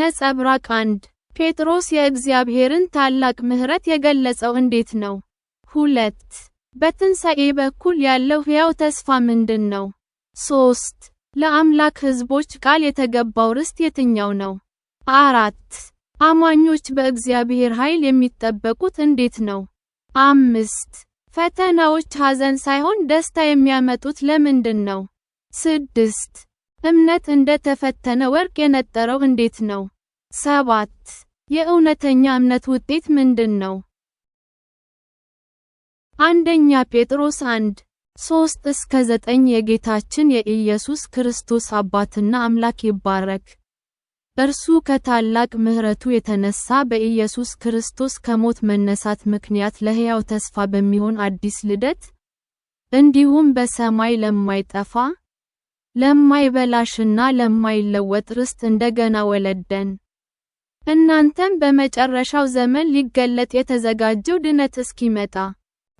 ነጸብራቅ 1 ጴጥሮስ የእግዚአብሔርን ታላቅ ምሕረት የገለጸው እንዴት ነው? ሁለት በትንሣኤ በኩል ያለው ሕያው ተስፋ ምንድን ነው? ለአምላክ ሕዝቦች ቃል የተገባው ርስት የትኛው ነው? አራት አማኞች በእግዚአብሔር ኃይል የሚጠበቁት እንዴት ነው? አምስት ፈተናዎች ሐዘን ሳይሆን ደስታ የሚያመጡት ለምንድን ነው? ስድስት እምነት እንደ ተፈተነ ወርቅ የነጠረው እንዴት ነው? ሰባት የእውነተኛ እምነት ውጤት ምንድን ነው? አንደኛ ጴጥሮስ 1 3 እስከ 9 የጌታችን የኢየሱስ ክርስቶስ አባትና አምላክ ይባረክ። እርሱ ከታላቅ ምሕረቱ የተነሳ በኢየሱስ ክርስቶስ ከሞት መነሳት ምክንያት ለሕያው ተስፋ በሚሆን አዲስ ልደት እንዲሁም በሰማይ ለማይጠፋ ለማይበላሽና ለማይለወጥ ርስት እንደገና ወለደን። እናንተም በመጨረሻው ዘመን ሊገለጥ የተዘጋጀው ድነት እስኪመጣ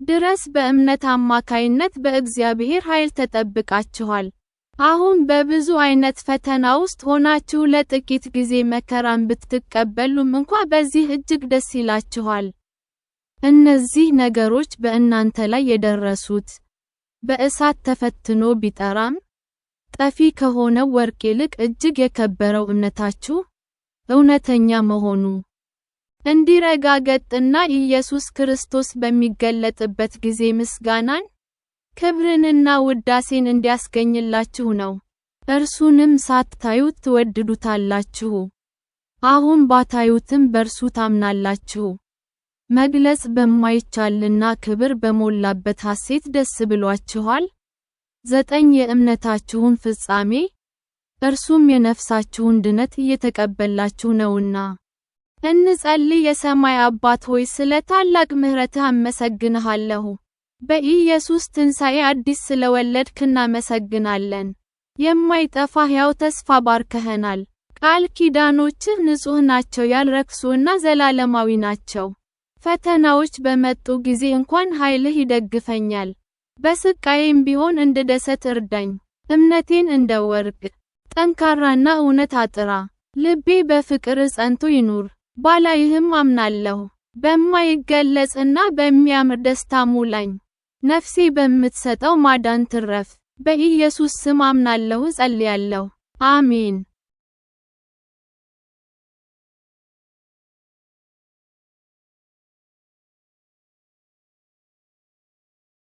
ድረስ በእምነት አማካይነት በእግዚአብሔር ኃይል ተጠብቃችኋል። አሁን በብዙ አይነት ፈተና ውስጥ ሆናችሁ ለጥቂት ጊዜ መከራን ብትቀበሉም እንኳ በዚህ እጅግ ደስ ይላችኋል። እነዚህ ነገሮች በእናንተ ላይ የደረሱት በእሳት ተፈትኖ ቢጠራም ጠፊ ከሆነው ወርቅ ይልቅ እጅግ የከበረው እምነታችሁ እውነተኛ መሆኑ እንዲረጋገጥና ኢየሱስ ክርስቶስ በሚገለጥበት ጊዜ ምስጋናን፣ ክብርንና ውዳሴን እንዲያስገኝላችሁ ነው። እርሱንም ሳታዩት ትወድዱታላችሁ፣ አሁን ባታዩትም በእርሱ ታምናላችሁ። መግለጽ በማይቻልና ክብር በሞላበት ሐሴት ደስ ብሏችኋል? ዘጠኝ የእምነታችሁን ፍጻሜ እርሱም የነፍሳችሁን ድነት እየተቀበላችሁ ነውና። እንጸልይ። የሰማይ አባት ሆይ ስለ ታላቅ ምሕረትህ አመሰግንሃለሁ። በኢየሱስ ትንሣኤ አዲስ ስለወለድክ እናመሰግናለን። የማይጠፋ ሕያው ተስፋ ባርከኸናል። ቃል ኪዳኖችህ ንጹሕ ናቸው፣ ያልረክሱና ዘላለማዊ ናቸው። ፈተናዎች በመጡ ጊዜ እንኳን ኃይልህ ይደግፈኛል። በስቃዬም ቢሆን ደሰት እርዳኝ። እምነቴን እንደ ወርቅ ጠንካራና እውነት አጥራ። ልቤ በፍቅር ጸንቶ ይኑር። ባላይህም አምናለሁ። በማይገለጽና በሚያምር ደስታ ሙላኝ። ነፍሴ በምትሰጠው ማዳን ትረፍ። በኢየሱስ ስም አምናለሁ፣ ጸልያለሁ። አሜን።